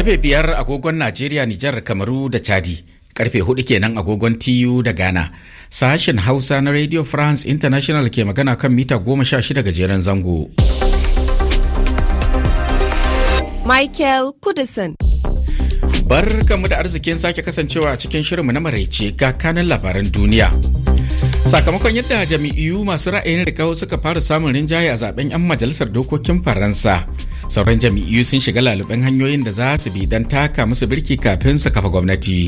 Karfe biyar agogon Najeriya, Nijar, Kamaru da Chadi. Karfe hudu kenan agogon TU da Ghana. Sashen Hausa na Radio France International ke magana kan mita goma sha shida gajeren zango. Michael Kudison. Barkanmu da arzikin sake kasancewa a cikin shirinmu na maraice ga kanin labaran duniya. Sakamakon yadda jami'u masu ra'ayin rikau suka fara samun rinjaye a zaben 'yan majalisar dokokin Faransa. sauran Jami'u sun shiga laluben hanyoyin da za su bi don taka musu birki kafin su kafa gwamnati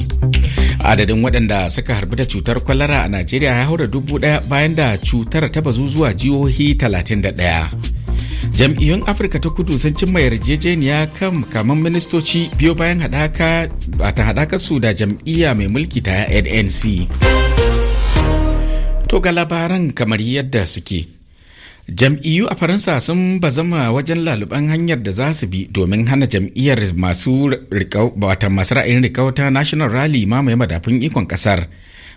adadin waɗanda suka harbi da cutar kwalara a najeriya ya haura dubu ɗaya bayan da cutar ta bazu zuwa jihohi ɗaya. jam'iyyun afirka ta kudu sun cimma yarjejeniya kan kamar ministoci biyo bayan haɗaka ta su da jam'iyya mai mulki ta nnc to ga labaran kamar yadda suke jam'iyyu a faransa sun bazama wajen laluban hanyar da za su bi domin hana jam'iyyar masu masu ra'ayin rikauta national rally mamaye madafin ikon kasar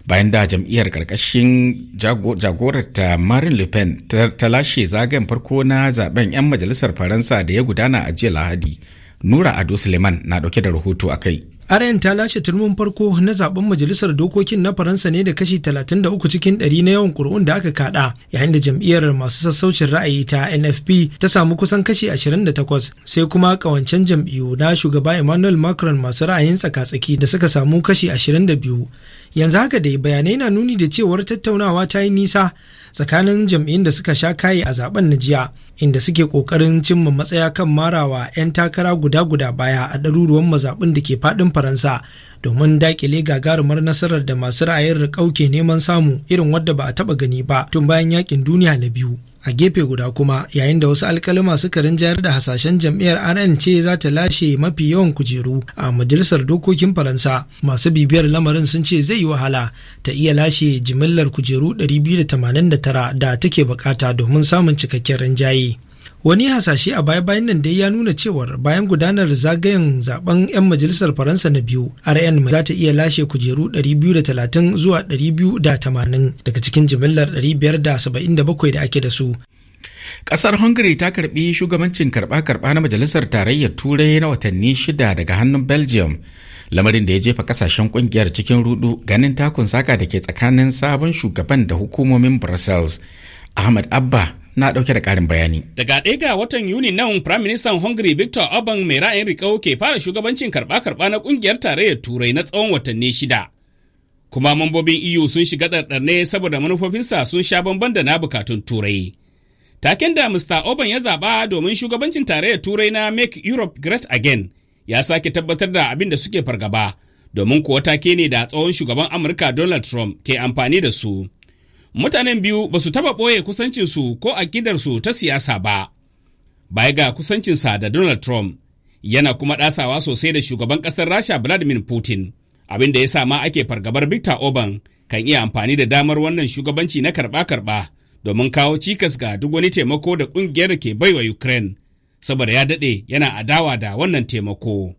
bayan da jam'iyyar karkashin jagorarta marin le pen ta lashe zagayen farko na zaben 'yan majalisar faransa da ya gudana a jiya lahadi nura ado suleiman na dauke da rahoto a kai Arayan ta lashe turmin farko na zaben majalisar dokokin na Faransa ne da kashi 33 cikin 100 na yawan kur'un da aka kada yayin da jam'iyyar masu sassaucin ra'ayi ta NFP ta samu kusan kashi 28 sai kuma kawancen jam'iyyu na shugaba Emmanuel Macron masu ra'ayin tsaka-tsaki da suka samu kashi 22. Yanzu haka dai bayanai na nuni da cewar tattaunawa ta yi nisa tsakanin jam'iyyun da suka sha kaye a zaben na jiya inda suke kokarin cimma matsaya kan marawa 'yan takara guda-guda baya a ɗaruruwan mazaɓin da ke faɗin faransa domin dakile gagarumar nasarar da masu ra'ayin riƙau neman samu irin wadda ba a taɓa gani ba tun bayan yaƙin duniya na biyu a gefe guda kuma yayin da wasu alkalima suka rinjayar da hasashen jam'iyyar rn ce za ta lashe mafi yawan kujeru a majalisar dokokin faransa masu bibiyar lamarin sun ce zai yi wahala ta iya lashe jimillar kujeru 289 da take bukata domin samun cikakken rinjaye wani hasashe a baya-bayan nan dai ya nuna cewar bayan gudanar zagayen zaben 'yan majalisar faransa na biyu rn za ta iya lashe kujeru 230 zuwa 280 daga cikin jimillar 577 da ake da su ƙasar Hungary ta karbi shugabancin karba-karba na Majalisar Tarayyar Turai na watanni shida daga hannun Belgium, lamarin da ya jefa kasashen kungiyar cikin rudu ganin takun saka da ke tsakanin sabon shugaban da hukumomin Brussels. Ahmad Abba na dauke da karin bayani. Daga ɗaya ga watan Yuni nan Prime Minister Hungary Victor Orban mai ra'ayin riƙau ke fara shugabancin karɓa-karɓa na ƙungiyar tarayyar Turai na tsawon watanni shida. Kuma mambobin EU sun shiga ɗarɗarne saboda manufofinsa sun sha bamban da na bukatun Turai. Taken da Mr. Orban ya zaɓa domin shugabancin tarayyar Turai na Make Europe Great Again ya sake tabbatar da abin da suke fargaba. domin kuwa take ne da tsohon shugaban Amurka Donald Trump ke amfani da su. mutanen biyu ba su taɓa ɓoye kusancinsu ko su ta siyasa ba baya ga kusancinsa da donald trump yana kuma ɗasawa sosai da shugaban ƙasar rasha vladimir putin abin da ya sa ma ake fargabar victor Oban kan iya amfani da damar wannan shugabanci na karɓa-karɓa domin kawo cikas ga duk wani taimako da ƙungiyar ke baiwa ukraine saboda ya daɗe yana adawa da wannan taimako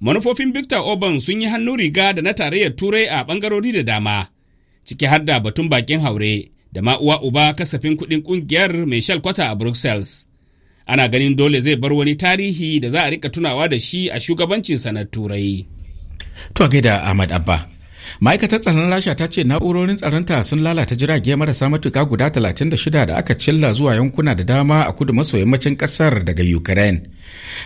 manufofin victor Oban sun yi hannu riga da na tarayyar turai a ɓangarori da dama ciki har da batun bakin haure da ma uwa uba kasafin kuɗin ƙungiyar mai kwata a Brussels. Ana ganin dole zai bar wani tarihi da za a rika tunawa da shi a shugabancin sanar Turai. To gaida Ahmad Abba. ma'aikatar tsaron rasha ta ce na'urorin tsaronta sun lalata jirage marasa matuka guda 36 da aka cilla zuwa yankuna da dama a kudu maso yammacin kasar daga ukraine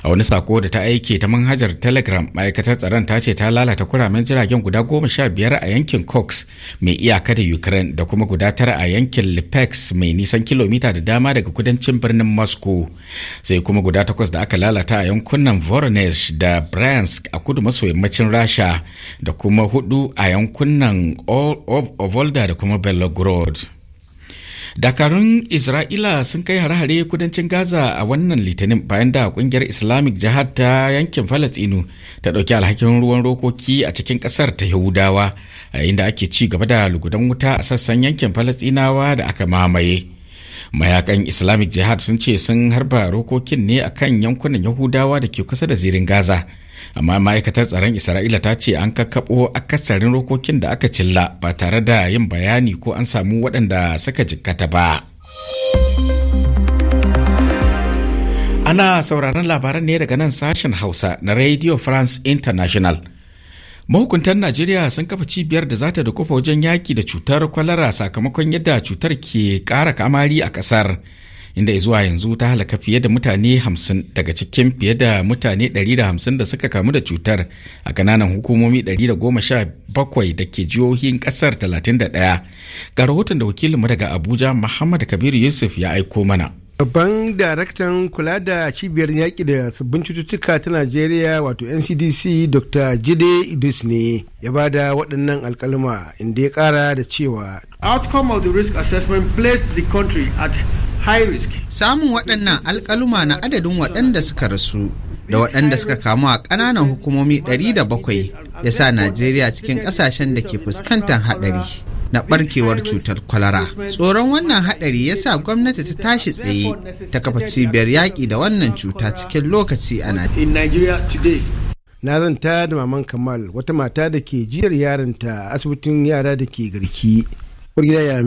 a wani sako da ta aike ta manhajar telegram ma'aikatar tsaron ta ce ta lalata kuramen jiragen guda goma sha biyar a yankin cox mai iyaka da ukraine da kuma guda tara a yankin lipex mai nisan kilomita da dama daga kudancin birnin moscow sai kuma guda takwas da aka lalata a yankunan voronezh da bryansk a kudu maso yammacin rasha da kuma hudu a yankunan ovolda da kuma belgrod dakarun isra'ila sun kai hare-hare kudancin gaza a wannan litinin bayan da kungiyar islamic jihad ta yankin falastinu ta ɗauki alhakin ruwan rokoki a cikin ƙasar ta yahudawa a yayin da ake ci gaba da lugudan wuta a sassan yankin falastinawa da aka mamaye mayakan islamic jihad sun ce sun harba rokokin ne a kan yankunan yahudawa da ke kusa da zirin gaza amma ma'aikatar tsaron isra'ila ta ce an kakkaɓo akasarin rokokin da aka cilla ba tare da yin bayani ko an samu waɗanda suka jikkata ba ana sauraron labaran ne daga nan sashen hausa na radio france international mahukuntan najeriya sun kafa cibiyar da zata da kofa wajen yaki da cutar kwalara sakamakon yadda cutar ke ƙara kamari a ƙasar. inda zuwa yanzu ta halaka fiye da mutane 50 daga cikin fiye da mutane 150 da suka kamu da cutar a kananan hukumomi 117 da ke jihohin kasar 31 ga rahoton da wakilinmu daga abuja muhammad kabiru yusuf ya aiko mana Babban daraktan kula da cibiyar yaƙi da sabbin cututtuka ta Najeriya wato NCDC Dr. Jide Idris ne ya ba da waɗannan alkalma inda ya ƙara da cewa. Outcome of the risk assessment placed the country at high risk. Samun waɗannan alkaluma na adadin waɗanda suka rasu da waɗanda suka kamu a ƙananan hukumomi 700 ya sa Najeriya cikin ƙasashen da ke fuskantar haɗari. na ɓarkewar cutar kwalara tsoron wannan haɗari ya sa gwamnati ta tashi tsaye ta kafa cibiyar yaƙi da wannan cuta cikin lokaci a najeriya na zanta da maman kamal wata mata da ke jiyar a asibitin yara da ke garki. ya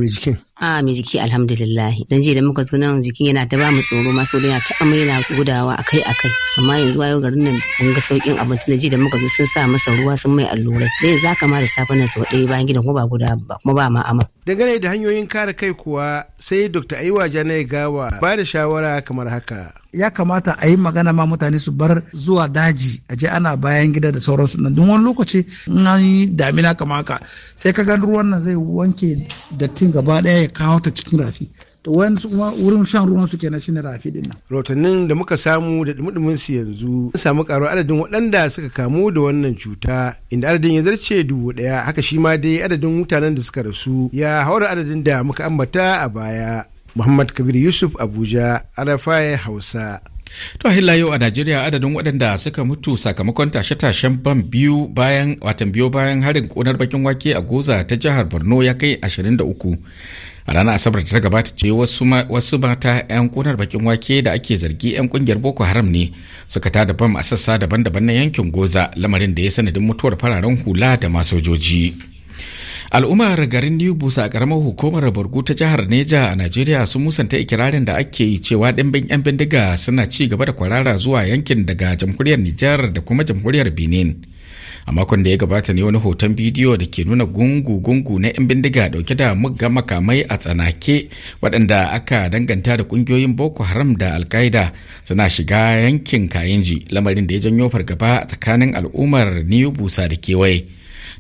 a mai jiki alhamdulillah dan jiya da muka zo nan jikin yana ta ba mu tsoro ma A yana ta amma yana gudawa akai akai amma yanzu wayo garin nan mun ga saukin abinci da jiya da muka zo sun sa masa ruwa sun mai allurai da yanzu haka ma da safe nan sau ɗaya bayan gidan kuma ba guda ba kuma ba ma amma dangane da hanyoyin kare kai kuwa sai dr aiwa janai gawa ba da shawara kamar haka ya kamata a yi magana ma mutane su bar zuwa daji a je ana bayan gida da sauransu nan don wani lokaci in an yi damina kamar haka sai ka ga ruwan nan zai wanke dattin gaba daya kawo ta cikin rafi to wani kuma wurin shan ruwan su kenan shine rafi din nan rotannin da muka samu da dumudumin su yanzu an samu karo adadin waɗanda suka kamu da wannan cuta inda adadin ya zarce dubu daya haka shi ma dai adadin mutanen da suka rasu ya haura adadin da muka ambata a baya muhammad kabir yusuf abuja arafai hausa To hila yau a Najeriya adadin waɗanda suka mutu sakamakon tashe-tashen ban biyu bayan watan biyu bayan harin ƙunar bakin wake a Goza ta jihar Borno ya kai 23. a ranar asabar da ta gabata ce wasu mata 'yan kunar bakin wake da ake zargi 'yan kungiyar boko haram ne suka da bam a sassa daban-daban na yankin goza lamarin da ya sanadin mutuwar fararen hula da masojoji al'ummar garin new busa a karamar hukumar borgu ta jihar neja a nigeria sun musanta ikirarin da ake yi cewa dimbin 'yan bindiga suna ci gaba da kwarara zuwa yankin daga jamhuriyar niger da kuma jamhuriyar benin a makon da ya gabata ne wani hoton bidiyo da ke nuna gungu-gungu na 'yan bindiga dauke da mugga makamai a tsanake waɗanda aka danganta da ƙungiyoyin boko haram da alkaida suna shiga yankin kayanji lamarin da ya janyo fargaba a tsakanin al'ummar new busa da kewaye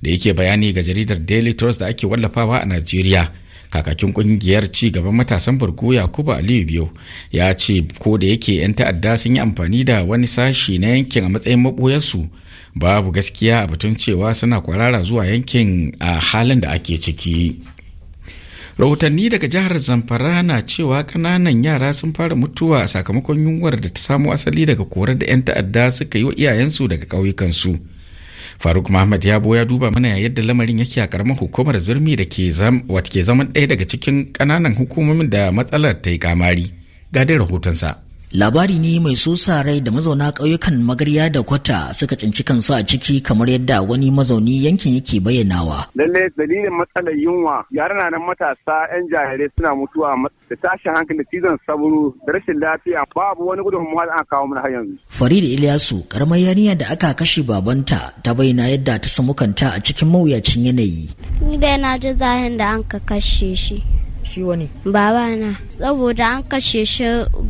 da yake bayani ga jaridar daily trust da ake wallafawa a najeriya kakakin kungiyar ci gaban matasan burgu yakubu aliyu biyu ya ce ko da yake 'yan ta'adda sun yi amfani da wani sashi na yankin a matsayin maɓoyarsu babu gaskiya a batun cewa suna kwarara zuwa yankin a halin da ake ciki rahotanni daga jihar zamfara na cewa kananan yara sun fara mutuwa sakamakon yunwar da ta samo asali daga korar da 'yan ta'adda suka yi wa iyayensu daga ƙauyukansu faruk muhammad ya ya duba mana yadda lamarin yake a karamar hukumar zurmi da ke zaman ɗaya daga cikin kananan hukumomin da matsalar ta yi kamari ga dai rahotonsa labari ne mai sosa rai da mazauna ƙauyukan magarya da kwata suka tsinci kansu a ciki kamar yadda wani mazauni yankin yake bayyanawa. Lallai dalilin matsalar yunwa yara na nan matasa 'yan jahilai suna mutuwa da tashin hankali cizon saburu da rashin lafiya babu wani gudunmawa da aka kawo mana har yanzu. Farida Ilyasu karamar yarinya da aka kashe babanta ta bayyana yadda ta samu kanta a cikin mawuyacin yanayi. Ni dai na ji zahin da an ka kashe shi. shi wani baba na saboda an kashe shi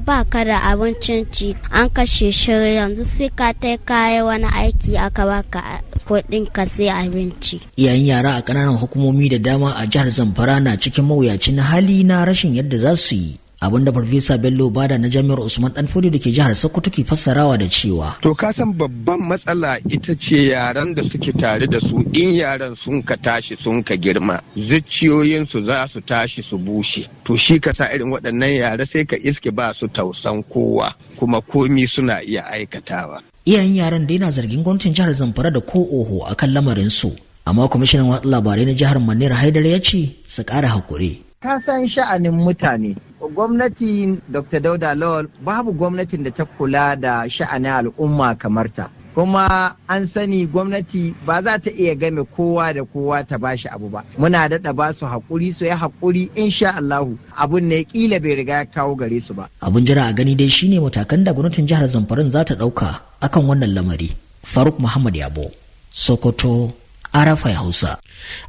ba ka da abincin ci an kashe shi yanzu sai ka tai kaya wani aiki aka baka kuɗin ka sai abinci yayin yara a ƙananan hukumomi da dama a jihar zamfara na cikin mawuyacin hali na rashin yadda za su yi da farfesa bello bada na jami'ar usman danfodi da ke jihar sokoto ke fassarawa da cewa to ka san babban matsala ita ce yaran da suke tare da su in yaran sun ka tashi sun ka girma zuciyoyin su za su tashi su bushe to shi ka sa irin waɗannan yara sai ka iske ba su tausan kowa kuma komi suna iya aikatawa iyayen yaran da yana zargin gwamnatin jihar zamfara da ko oho akan lamarin su amma kwamishinan watsa labarai na jihar manira haidar ya ce su ƙara hakuri ka san sha'anin mutane gwamnati dr dauda lawal babu gwamnatin da ta kula da sha'anin al'umma kamar ta kuma an sani gwamnati ba za ta iya game kowa da kowa ta ba shi abu ba muna daɗa ba su haƙuri su ya haƙuri insha Allahu abun ne kila bai riga ya kawo gare su ba abun jira a gani dai shine matakan da gwamnatin jihar Zamfaran za ta ɗauka akan wannan lamari Faruk Muhammad Yabo Sokoto Arafa Hausa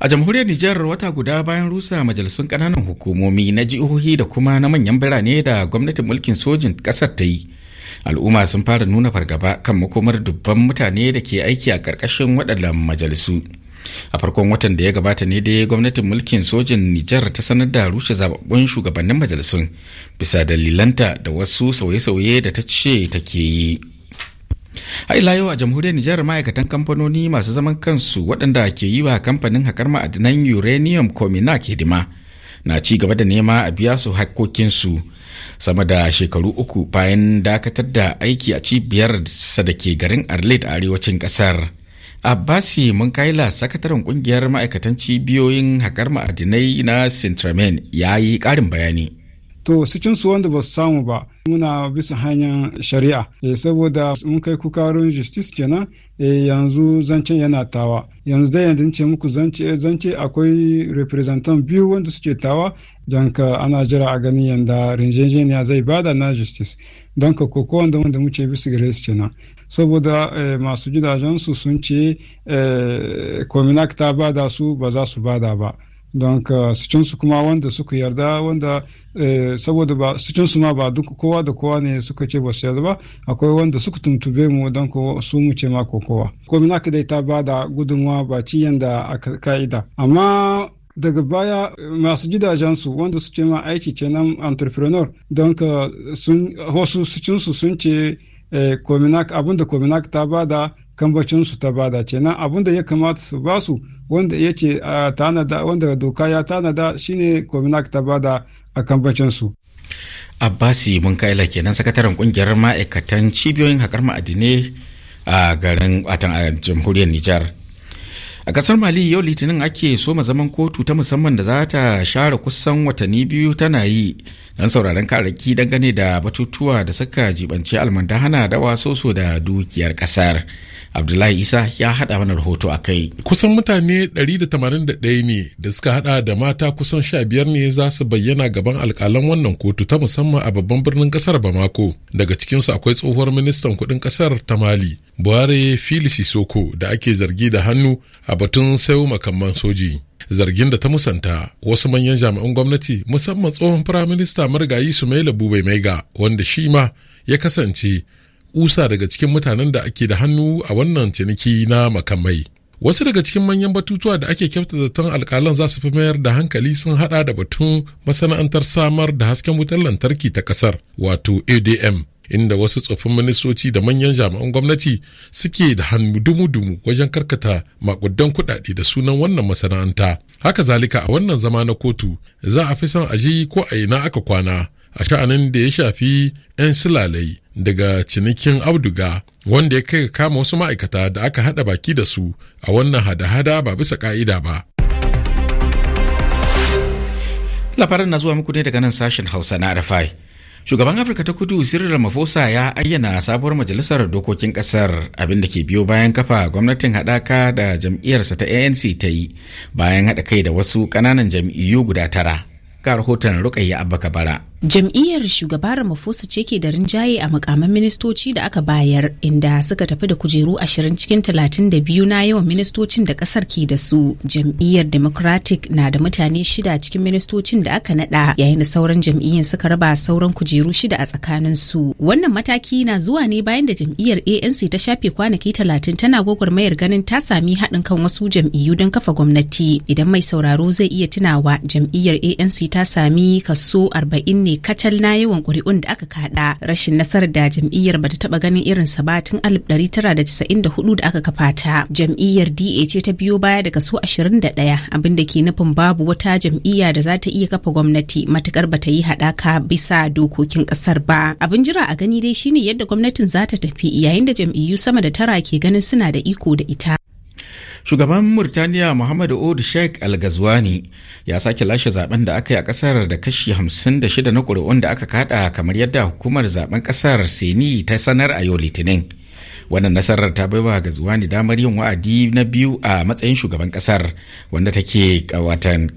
A jamhuriyar Nijar wata guda bayan rusa majalisun ƙananan hukumomi na jihohi da kuma na manyan birane da gwamnatin mulkin sojin ƙasar ta yi. Al'umma sun fara nuna fargaba kan makomar dubban mutane da ke aiki a ƙarƙashin waɗannan majalisu. A farkon watan da ya gabata ne dai gwamnatin mulkin sojin Nijar ta sanar da rushe zababbun shugabannin majalisun bisa dalilanta da wasu sauye-sauye da ta ce take yi. a ila yau a jamhuriyar nijar ma'aikatan kamfanoni masu zaman kansu waɗanda ke yi wa kamfanin haƙar ma'adinan uranium cominac hidima na ci gaba da nema a biya su hakkokinsu sama da shekaru uku bayan dakatar da aiki a cibiyar da ke garin arlit a arewacin ƙasar abbasi munkaila sakataren ƙungiyar ma'aikatan cibiyoyin haƙar ma'adinai na sintramen ya yi ƙarin bayani to cikin su wanda ba su samu ba muna bisa hanyar shari'a eh, saboda mun kai kuka wurin justice kenan eh, yanzu zancen yana tawa yanzu dai yanzu ce muku zance zance akwai representant biyu wanda suke tawa don ka ana jira a ganin yanda rinjejeniya zai bada na justice don ka koko wanda wanda muke bisa gare kenan saboda eh, masu gidajensu sun ce kominak ta bada su ba za su bada ba don ka euh, su kuma wanda suka yarda wanda eh, saboda ba su ma ba duk kowa da kowa ne suka ce ba su yarda ba akwai wanda suka tuntube mu don ko su mu ce ma ko kowa komin aka dai ta ba da gudunwa ba ci yanda a ka'ida amma daga baya masu gidajensu wanda su ce ma aiki ce nan entrepreneur don ka sun wasu su sun ce eh, kominak abinda kominak ta bada kambacinsu ta bada kenan abin da ya kamata su basu wanda ya ce tanada wanda doka ya tanada shine kominak ta bada a kambacinsu abbasi mun kaila kenan sakataren kungiyar ma'aikatan cibiyoyin haƙar ma'adinai a garin watan a jamhuriyar nijar a kasar mali yau litinin ake soma zaman kotu ta musamman da za ta share kusan watanni biyu tana yi don sauraron karaki dangane da batutuwa da suka jibanci hana da soso da dukiyar kasar abdullahi isa ya hada mana rahoto a kai kusan mutane 181 ne da suka hada da mata kusan 15 ne za su bayyana gaban alkalan wannan kotu ta musamman a babban birnin kasar bamako daga cikinsu akwai tsohuwar ministan kudin kasar ta mali buhari filisi soko da ake zargi da hannu a batun sayo makamman soji zargin da ta musanta wasu manyan jami'an gwamnati musamman tsohon firaminista marigayi sumaila bube maiga wanda shi ma ya kasance ƙusa daga cikin mutanen da ake da hannu a wannan ciniki na makamai wasu daga cikin manyan batutuwa da ake kyauta zaton alkalan za su fi mayar da hankali sun hada da batun masana'antar samar da hasken wutar lantarki ta kasar wato adm inda wasu tsoffin ministoci da manyan jami'an gwamnati suke da hannu dumu-dumu wajen karkata makudan kuɗaɗe da sunan wannan masana'anta haka zalika a wannan zama na kotu za a fi son aji ko a ina aka kwana a sha'anin da ya shafi 'yan silalai daga cinikin auduga wanda ya kai kama wasu ma'aikata da aka haɗa baki da su a wannan hada-hada ba bisa ka'ida ba labaran na zuwa muku ne daga nan sashen hausa na rfi shugaban afirka ta kudu cyril mafosa ya ayyana sabuwar majalisar dokokin kasar abinda ke biyo bayan kafa gwamnatin haɗaka da jam'iyyarsa ta anc ta yi bayan haɗa kai da wasu ƙananan jam'iyyu guda tara ga rahoton rukayya abba kabara Jam'iyyar shugaba Ramaphosa ce ke da rinjaye a makaman ministoci da aka bayar inda suka tafi da kujeru ashirin cikin talatin da biyu na yawan ministocin da kasar ke da su. Jam'iyyar Democratic na da mutane shida cikin ministocin da aka nada yayin da sauran jam'iyyar suka raba sauran kujeru shida a tsakanin su. Wannan mataki na zuwa ne bayan da jam'iyyar ANC ta shafe kwanaki talatin tana gwagwarmayar ganin ta sami haɗin kan wasu jam'iyyu don kafa gwamnati. Idan mai sauraro zai iya tunawa jam'iyyar ANC ta sami kaso 40 ne ne kacal na yawan ƙuri'un da aka kada rashin nasarar da jam'iyyar bata taba ganin irin sa ba tun 1994 da aka kafa ta jam'iyyar DA ce ta biyo baya da ɗaya. 21 abin da ke nufin babu wata jam'iyya da za ta iya kafa gwamnati matukar bata yi haɗaka bisa dokokin ƙasar ba abin jira a gani dai shine yadda gwamnatin za ta tafi yayin da jam'iyyu sama da tara ke ganin suna da iko da ita shugaban murtaniya muhammadu old sheikh al gazwani ya sake lashe zaben da aka yi a kasar da kashi 56 na ƙuri'un da aka kada kamar yadda hukumar zaben kasar Sini ta sanar a yau litinin wannan nasarar ta bai wa gazuwani damar yin wa'adi na biyu a matsayin shugaban kasar wanda take watan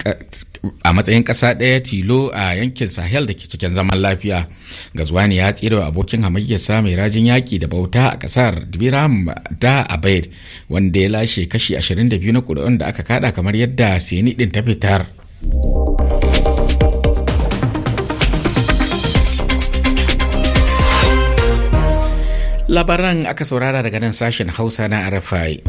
a matsayin kasa ɗaya tilo a yankin sahel da ke cikin zaman lafiya gazuwani ya tsira abokin hamayyarsa mai rajin yaki da bauta a kasar biram da abed wanda ya lashe kashi 22 na ƙuri'un da aka kada kamar yadda sini ɗin ta fitar. labaran aka saurara daga nan sashen hausa na arafai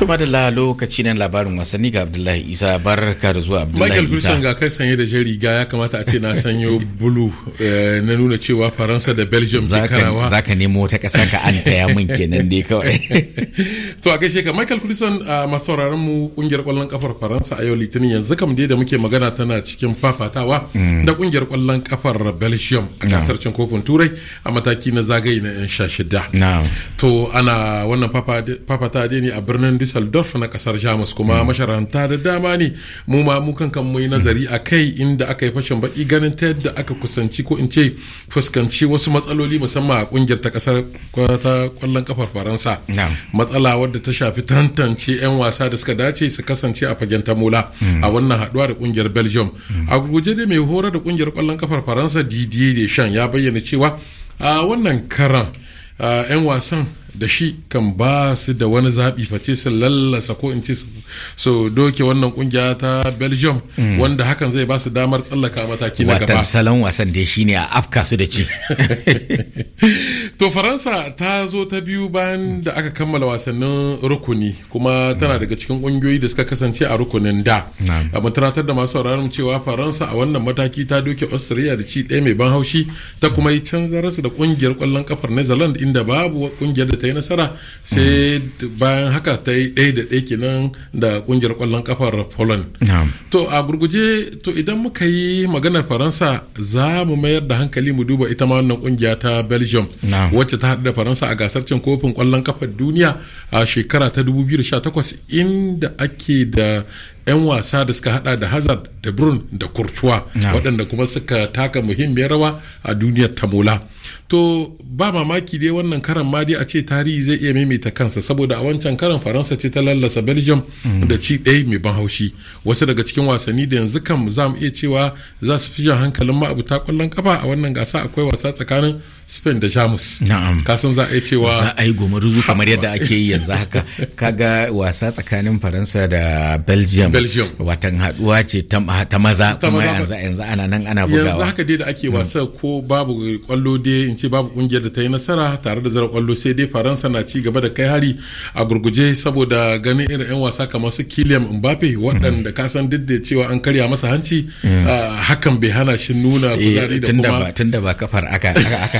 to madalla lokaci nan labarin wasanni ga abdullahi isa barka da zuwa abdullahi michael wilson ga kai sanye da jan riga ya kamata a ce na sanyo bulu eh, na nuna cewa faransa da belgium ke karawa za ka nemo wata ƙasa ka an taya min kenan dai kawai to a gaishe ka michael wilson a masauraran mu kungiyar kwallon kafar faransa a yau litinin yanzu kam dai da muke magana tana cikin fafatawa mm. da kungiyar kwallon kafar belgium a kasar cin kofin turai a mataki na zagaye na yan sha shida to ana wannan fafata dai ne a birnin Düsseldorf na kasar Jamus kuma mm. masharanta da dama ne mu ma mu kankan mu yi nazari a kai inda aka yi fashin baki ganin ta yadda aka kusanci ko in ce fuskanci wasu matsaloli musamman a kungiyar ta kasar ta kwallon kafar Faransa matsala wadda ta shafi tantance 'yan wasa da suka dace su kasance a fagen ta mola mm. a wannan haduwa da kungiyar Belgium mm. a guje dai mai horar da kungiyar kwallon kafar Faransa Didier Deschamps ya bayyana cewa a wannan karan 'yan wasan da shi kan ba su da wani zaɓi face su lallasa ko in ce su doke wannan kungiya ta belgium mm. wanda hakan zai ba su damar tsallaka mataki na gaba watan salon wasan da shi ne a afka su da ci To Faransa ta zo ta biyu bayan hmm. da aka kammala wasannin rukuni kuma tana hmm. daga cikin ƙungiyoyi da suka kasance a rukunin da. A matanatar da masu sauraron cewa Faransa a wannan mataki ta doke Austria da ci ɗaya mai ban haushi ta kuma yi canza rasa da kungiyar kwallon kafar Netherlands inda babu kungiyar da ta yi nasara sai hmm. bayan haka ta yi ɗaya da ɗaya kenan da ƙungiyar kwallon kafar Poland. To a gurguje to idan muka yi maganar Faransa za mu mayar da hankali mu duba ita ma wannan ƙungiya ta Belgium. wacce ta haɗu da faransa a gasar cin kofin ƙwallon kafar duniya a shekara ta 2018 inda ake da 'yan wasa da suka hada da hazard da brun da kurtuwa waɗanda kuma suka taka muhimmiyar rawa a duniyar tamola to ba mamaki dai wannan karan ma dai a ce tarihi zai iya maimaita kansa saboda a wancan karan faransa ce ta lallasa belgium mm. da ci ɗaya mai ban haushi wasu daga cikin wasanni da yanzu kam za mu iya cewa za su fi jan hankalin ma'abuta kwallon kafa a wannan gasa akwai wasa tsakanin spain da jamus kasan za a iya cewa za a yi gomaruzu kamar yadda ake yi yanzu haka kaga wasa tsakanin faransa da belgium belgium watan haduwa ce ta maza kuma yanzu yanzu ana nan ana bugawa yanzu haka dai da ake hmm. wasa ko babu kwallo dai in ce babu kungiyar da ta yi nasara tare da zara kwallo sai dai faransa na ci gaba da kai hari a gurguje saboda ganin irin yan wasa kamar su Kylian mbappe hmm. waɗanda ka san duk da cewa an karya masa hanci hmm. hakan bai hana shi nuna eh, kuzari da kuma tunda ba kafar aka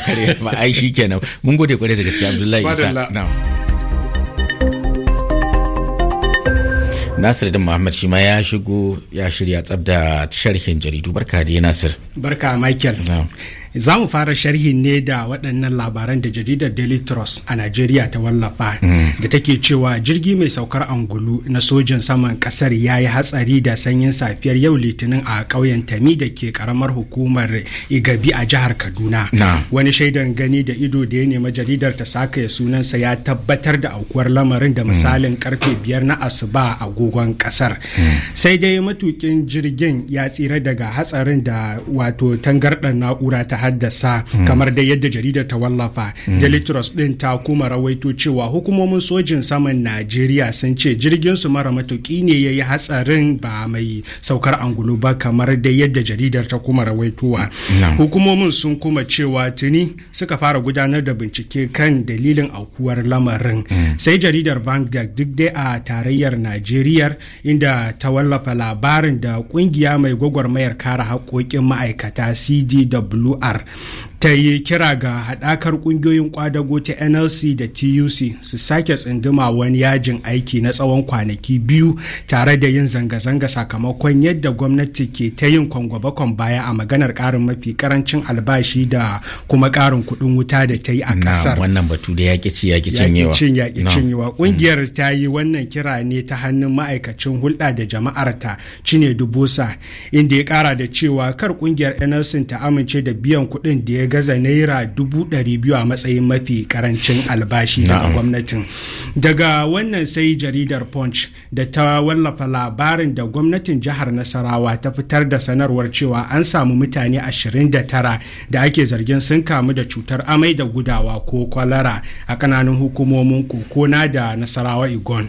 karya ba ai shikenan mun gode kwarai da gaske abdullahi isa Nasir Muhammad shi ma ya shigo ya shirya tsabda sharhin jaridu barka da Nasir. Barka Michael. za mu fara sharhi ne da waɗannan labaran da jaridar daily trust a najeriya ta wallafa da take cewa jirgi mai saukar angulu na sojan saman ƙasar ya yi hatsari da sanyin safiyar yau litinin a ƙauyen tami da ke ƙaramar hukumar igabi a jihar kaduna wani shaidan gani da ido da ya nemi jaridar ta saka ya sunansa ya tabbatar da aukuwar lamarin da hmm. misalin karfe biyar na asuba a agogon ƙasar hmm. sai dai matukin jirgin ya tsira daga hatsarin da wato tangardar na'ura ta haddasa hmm. kamar da yadda jaridar ta wallafa hmm. daily din ta kuma rawaito cewa hukumomin sojin saman najeriya sun ce jirgin su mara matuki ne ya yi hatsarin ba mai saukar angulu ba kamar da yadda jaridar ta kuma rawaitowa hukumomin sun kuma cewa tuni suka fara gudanar da bincike kan dalilin aukuwar lamarin hmm. sai jaridar vanguard duk dai a tarayyar najeriya inda ta wallafa labarin da kungiya mai gwagwarmayar kare haƙoƙin ma'aikata cdw a jihar ta yi kira ga haɗakar ƙungiyoyin kwadago ta nlc da tuc su sake tsinduma wani yajin aiki na tsawon kwanaki biyu tare da yin zanga-zanga sakamakon yadda gwamnati ke ta yin kwangwabakon baya a maganar ƙarin mafi karancin albashi da kuma ƙarin kuɗin wuta da ta yi a ƙasar wannan batu da yaƙi ci cinyewa mm. ƙungiyar ta yi wannan kira ne ta hannun ma'aikacin hulɗa da jama'arta cine dubusa inda ya ƙara da cewa kar ƙungiyar nlc ta amince da biyan biyan kuɗin da ya gaza naira dubu ɗari biyu a matsayin mafi karancin albashi na gwamnatin daga wannan sai jaridar punch da ta wallafa labarin da gwamnatin jihar nasarawa ta fitar da sanarwar cewa an samu mutane 29 da ake zargin sun kamu da cutar amai da gudawa ko kwalara a kananan hukumomin kokona da nasarawa igon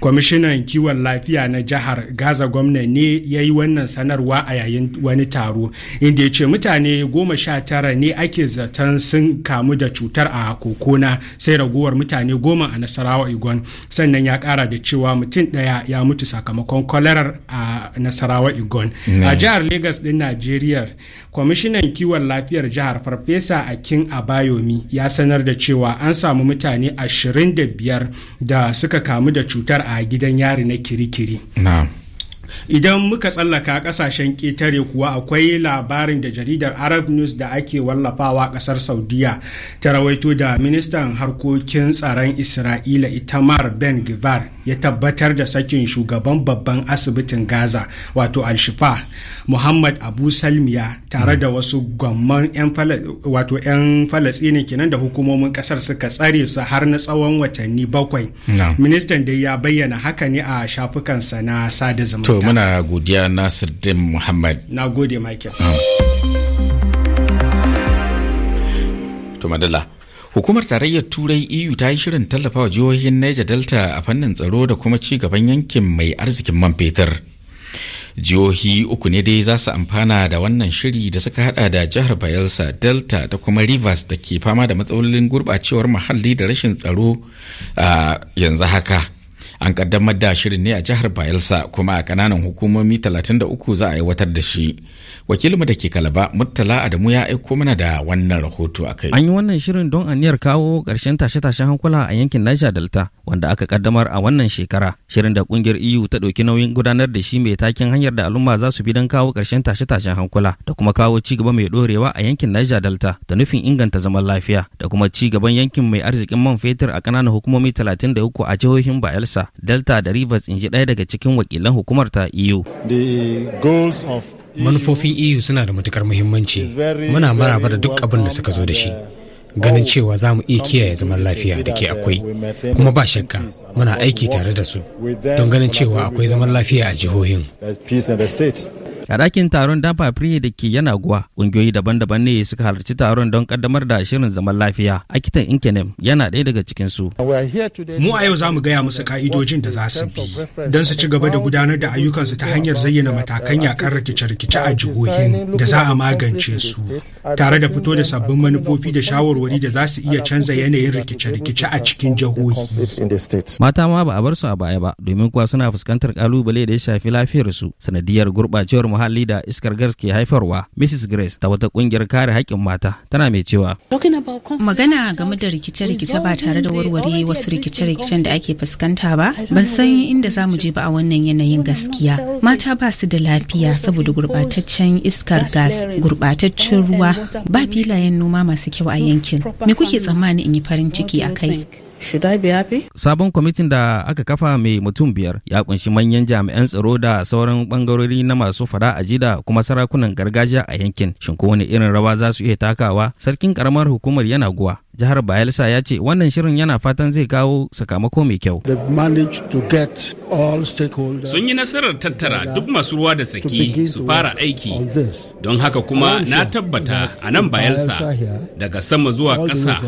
kwamishinan kiwon lafiya na jihar gaza gwamna ne ya yi wannan sanarwa a yayin wani taro inda ya ce mutane goma sha sha tara ne ake zaton sun kamu da cutar a kokona sai raguwar mutane goma a nasarawa igon sannan ya kara da cewa mutum daya ya mutu sakamakon kwalarar a nasarawa igon a jihar lagos din najeriya kwamishinan kiwon lafiyar jihar farfesa akin abayomi ya sanar da cewa an samu mutane ashirin da biyar da suka kamu da cutar a gidan yari na kirikiri. idan muka tsallaka kasashen ƙetare kuwa akwai labarin da jaridar arab news da ake wallafawa ƙasar saudiya ta rawaito da ministan harkokin tsaron isra'ila itamar ben givar ya tabbatar da sakin shugaban babban asibitin gaza wato alshifa muhammad abu salmiya tare da wasu gwamman 'yan falastinin kenan da hukumomin ƙasar suka tsare su har na tsawon watanni bakwai ministan dai ya bayyana haka ne a shafukansa na sada zumunta muna godiya Nasir din muhammad na gode michael ah. to Hukumar Tarayyar Turai EU ta yi shirin tallafa wa jihohin Niger Delta a fannin tsaro da kuma ci gaban yankin mai arzikin man fetur. Jihohi uku ne dai za su amfana da wannan shiri da suka hada da jihar Bayelsa, Delta da kuma Rivers da ke fama da matsalolin gurɓacewar muhalli da rashin tsaro a yanzu haka. an kaddamar da shirin ne a jihar bayelsa kuma a kananan hukumomi 33 za a aiwatar da shi wakilinmu da ke kalaba murtala adamu ya aiko mana da wannan rahoto a kai an yi wannan shirin don aniyar kawo karshen tashe-tashen hankula a yankin niger delta wanda aka kaddamar a wannan shekara shirin da kungiyar eu ta ɗauki nauyin gudanar da shi mai takin hanyar da al'umma za su bi don kawo ƙarshen tashe-tashen hankula da kuma kawo ci gaba mai dorewa a yankin niger delta da nufin inganta zaman lafiya da kuma ci gaban yankin mai arzikin man fetur a kananan hukumomi 33 a jihohin bayelsa Delta da Rivers in ji ɗaya daga cikin wakilan hukumar ta EU. E Manufofin EU suna da matukar muhimmanci. Muna maraba da duk abin da suka zo da shi. Uh, ganin oh, cewa za mu iya kiyaye zaman lafiya da ke uh, akwai kuma ba shakka muna aiki tare da su don ganin cewa akwai zaman lafiya a jihohin A ɗakin taron Dafa Free da ke yana guwa. ƙungiyoyi daban-daban ne suka halarci taron don ƙaddamar da shirin zaman lafiya. Akitan Inkenem yana ɗaya daga cikin su. Mu a yau za mu gaya musu ka'idojin da za su bi don su ci gaba da gudanar da ayyukansu ta hanyar zayyana matakan yakar rikice-rikice a jihohin da za a magance su tare da fito da sabbin manufofi da shawarwari da za su iya canza yanayin rikice-rikice a cikin jihohi. Mata ma ba a bar su a baya ba domin kuwa suna fuskantar kalubale da ya shafi lafiyarsu sanadiyar gurɓacewar muhalli da iskar gas ke haifarwa mrs grace ta wata kungiyar kare haƙƙin mata tana mai cewa magana game da rikice-rikice ba tare da warware wasu rikice-rikicen da ake fuskanta ba ban san inda za mu je ba a wannan yanayin gaskiya mata ba su da lafiya saboda gurbataccen iskar gas gurbataccen ruwa ba filayen noma masu kyau a yankin me kuke tsammani in yi farin ciki a kai Should I be happy? Sabon kwamitin da aka kafa mai mutum biyar ya kunshi manyan jami'an tsaro da sauran bangarori na masu fada a jida kuma sarakunan gargajiya a yankin. Shin ko wani irin rawa za su iya takawa? Sarkin karamar hukumar yana guwa. Jihar Bayelsa ya ce wannan shirin yana fatan zai kawo sakamako mai kyau. Sun yi nasarar tattara duk masu ruwa da tsaki su fara aiki. Don haka kuma na tabbata a nan Bayelsa daga sama zuwa ƙasa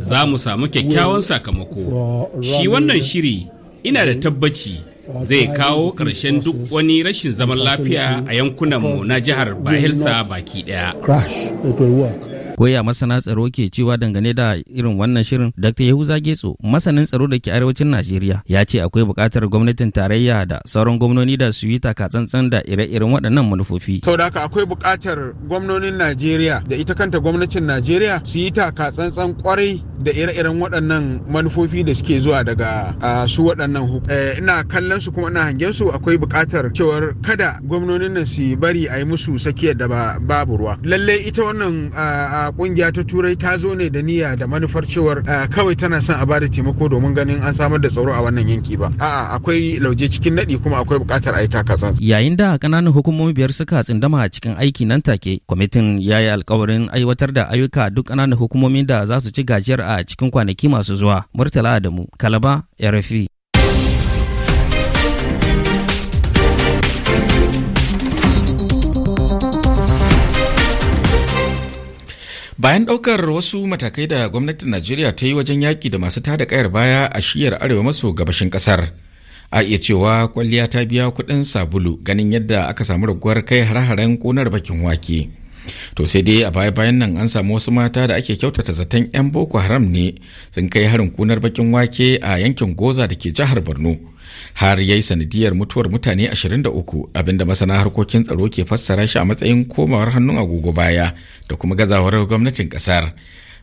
za mu samu kyakkyawan sakamako. sakamako shi wannan shiri ina da tabbaci zai kawo ƙarshen duk wani rashin zaman lafiya a yankunanmu na jihar bahilsa baki ɗaya. Koya masana tsaro ke cewa dangane da irin wannan shirin Dr. Yahuza Getso masanin tsaro da ke arewacin Najeriya ya ce akwai buƙatar gwamnatin tarayya da sauran gwamnoni da su yi takatsantsan da ire-iren waɗannan manufofi. Sau da akwai buƙatar gwamnonin Najeriya da ita kanta gwamnatin Najeriya su yi takatsantsan kwarai da ire-iren waɗannan manufofi da suke zuwa daga su waɗannan eh, ina kallon su kuma ina hangen su akwai buƙatar cewar kada gwamnonin nan su bari a yi musu sakiyar da babu ruwa lallai ita wannan ƙungiya ta turai ta zo ne da niyya da manufar cewar kawai tana son a bada taimako domin ganin an samar da tsaro a wannan yanki ba a'a akwai lauje cikin naɗi kuma akwai buƙatar a yi takatsan yayin da ƙananan hukumomi biyar suka tsindama a cikin aiki nan take kwamitin ya yi alkawarin aiwatar da ayyuka duk ƙananan hukumomi da za su ci gajiyar a cikin kwanaki masu zuwa murtala adamu kalaba rfi bayan ɗaukar wasu matakai da gwamnatin najeriya ta yi wajen yaƙi da masu tada kayar baya a shiyar arewa maso gabashin ƙasar a iya cewa kwalliya ta biya kuɗin sabulu ganin yadda aka samu raguwar kai har-haren ƙonar bakin wake to sai dai a baya-bayan nan an samu wasu mata da ake kyautata zaton 'yan boko haram ne sun kai harin kunar bakin wake a yankin goza da ke jihar borno har ya yi sanadiyar mutuwar mutane 23 abinda masana harkokin tsaro ke fassara shi a matsayin komawar hannun agogo baya da kuma gazawar gwamnatin kasar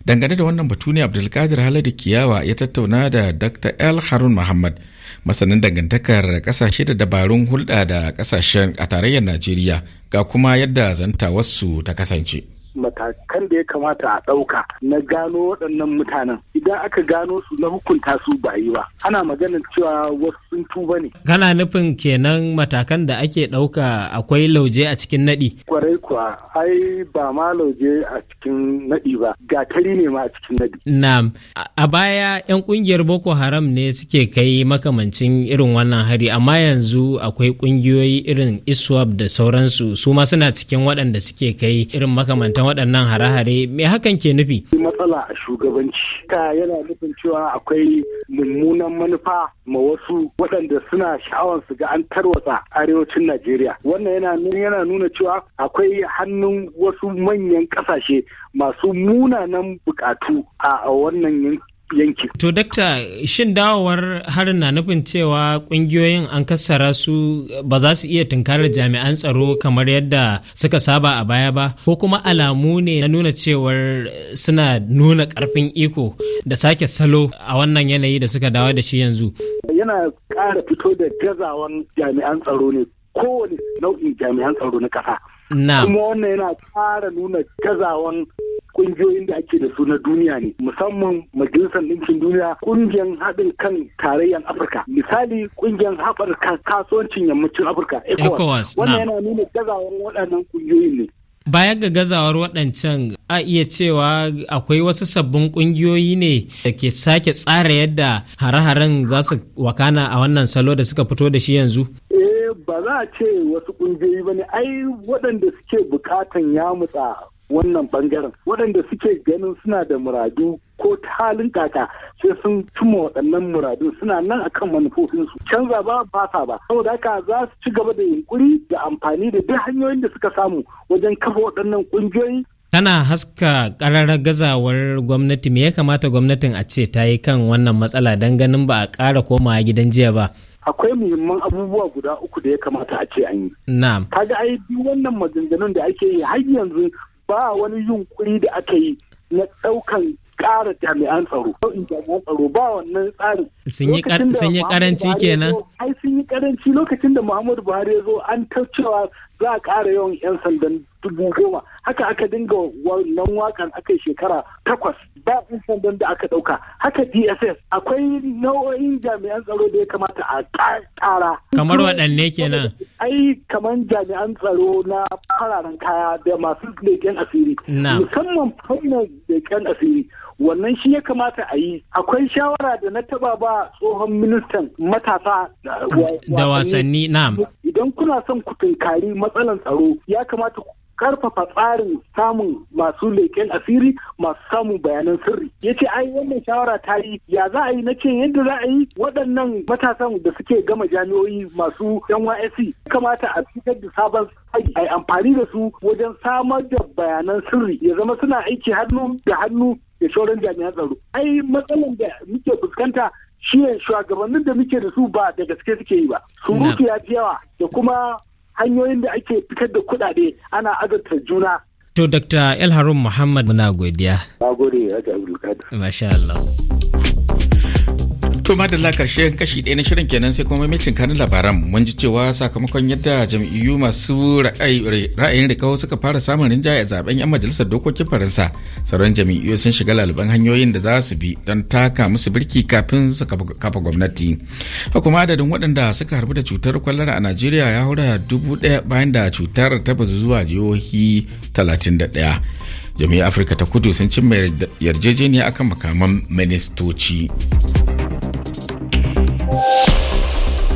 dangane da wannan batu ne abdulkadir haladu kiyawa ya tattauna da dr L harun muhammad masanin dangantakar kasashe da dabarun hulɗa da kasashen a tarayyar najeriya ga kuma yadda zanta wasu ta kasance matakan da ya kamata a ɗauka na gano waɗannan mutanen idan aka gano su na hukunta su ba yi ba ana maganar cewa wasu sun tuba ne kana nufin kenan matakan da ake ɗauka akwai lauje a cikin naɗi kwarai kuwa ai ba ma lauje a cikin naɗi ba gatari ne ma a cikin naɗi na'am a baya yan ƙungiyar boko haram ne suke kai makamancin irin wannan hari amma yanzu akwai ƙungiyoyi irin ISWAB da sauransu su ma suna cikin waɗanda suke kai irin makamanta makamantan waɗannan hare-hare me hakan ke nufi matsala a shugabanci ta yana nufin cewa akwai mummunan manufa ma wasu waɗanda suna sha'awar su ga an tarwatsa arewacin najeriya wannan yana yana nuna cewa akwai hannun wasu manyan ƙasashe masu munanan buƙatu a wannan yankin. To dakta shin dawowar harin na nufin cewa kungiyoyin an kassara su ba za su iya tunkarar jami'an tsaro kamar yadda suka saba a baya ba ko kuma alamu ne na nuna cewar suna nuna karfin iko da sake salo a wannan yanayi da suka dawo da shi yanzu. Yana ƙara fito da gazawan jami'an tsaro ne kowane nau'in jami'an tsaro na ƙasa. Kuma wannan yana ƙara nuna gazawan kungiyoyin da ake da su na duniya ne musamman majalisar ɗinkin duniya kungiyar haɗin kan tarayyar afirka misali kungiyar haɓar kasuwancin yammacin afirka ecowas wannan yana nuna gazawar waɗannan kungiyoyin ne baya ga gazawar waɗancan a iya cewa akwai wasu sabbin ƙungiyoyi ne da ke sake tsara yadda hare-haren za su wakana a wannan salo da suka fito da shi yanzu eh ba za a ce wasu ƙungiyoyi ba ne ai waɗanda suke bukatan ya mutsa. wannan bangaren waɗanda suke ganin suna da muradu ko ta halin kaka sai sun cimma waɗannan muradu suna nan akan manufofinsu canza ba ba sa ba saboda haka za su ci gaba da yunkuri da amfani da duk hanyoyin da suka samu wajen kafa waɗannan ƙungiyoyi tana haska ƙararar gazawar gwamnati me ya kamata gwamnatin a ce ta yi kan wannan matsala don ganin ba a ƙara komawa gidan jiya ba akwai muhimman abubuwa guda uku da ya kamata a ce an yi. Na'am. ga ai duk wannan maganganun da ake yi har yanzu ba wani yunkuri da aka yi na ɗaukan ƙara jami'an tsaro. Ɗaukan jami'an tsaro ba wannan tsarin. Sun yi karanci kenan? Ai sun yi karanci lokacin da Muhammadu Buhari ya zo an ta cewa za a ƙara yawan 'yan sandan dubu goma haka aka dinga wannan wakan aka shekara takwas ba 'yan sandan da aka ɗauka haka dss akwai nau'o'in jami'an tsaro da ya kamata a ƙara kamar waɗanne kenan ai kamar jami'an tsaro na fararen kaya da masu leƙen asiri musamman fannin leƙen asiri wannan shi ya kamata a yi akwai shawara da na taba ba tsohon ministan matasa da wasanni na'am idan kuna son ku tunkari matsalan tsaro ya kamata ku karfafa tsarin samun masu leƙen asiri masu samun bayanan sirri ya ce ai wannan shawara ta yi ya za a yi na ce yadda za a yi waɗannan matasan da suke gama jami'oi masu Ya kamata a fitar da sabon tsari a amfani da su wajen samar da bayanan sirri ya zama suna aiki hannu da hannu da sauran jami'an tsaro ai matsalan da muke fuskanta shi ne shugabannin da muke da su ba da gaske suke yi ba surutu ya fi yawa da kuma hanyoyin da ake fitar da kuɗaɗe ana azurta juna to dr el muhammad muna godiya na gode ya ga Masha Allah. To madalla karshen kashi ɗaya na shirin kenan sai kuma mamacin kanin labaran mun ji cewa sakamakon yadda jam'iyyu masu ra'ayin rikawo suka fara samun rinjaye a zaben 'yan majalisar dokokin faransa sauran jam'iyyu sun shiga laluban hanyoyin da za su bi don taka musu birki kafin su kafa gwamnati. Hukuma adadin waɗanda suka harbu da cutar kwallara a Najeriya ya haura dubu ɗaya bayan da cutar ta bazu zuwa jihohi talatin da ɗaya. Jami'ar Afirka ta kudu sun cimma yarjejeniya akan makaman ministoci. Thank you.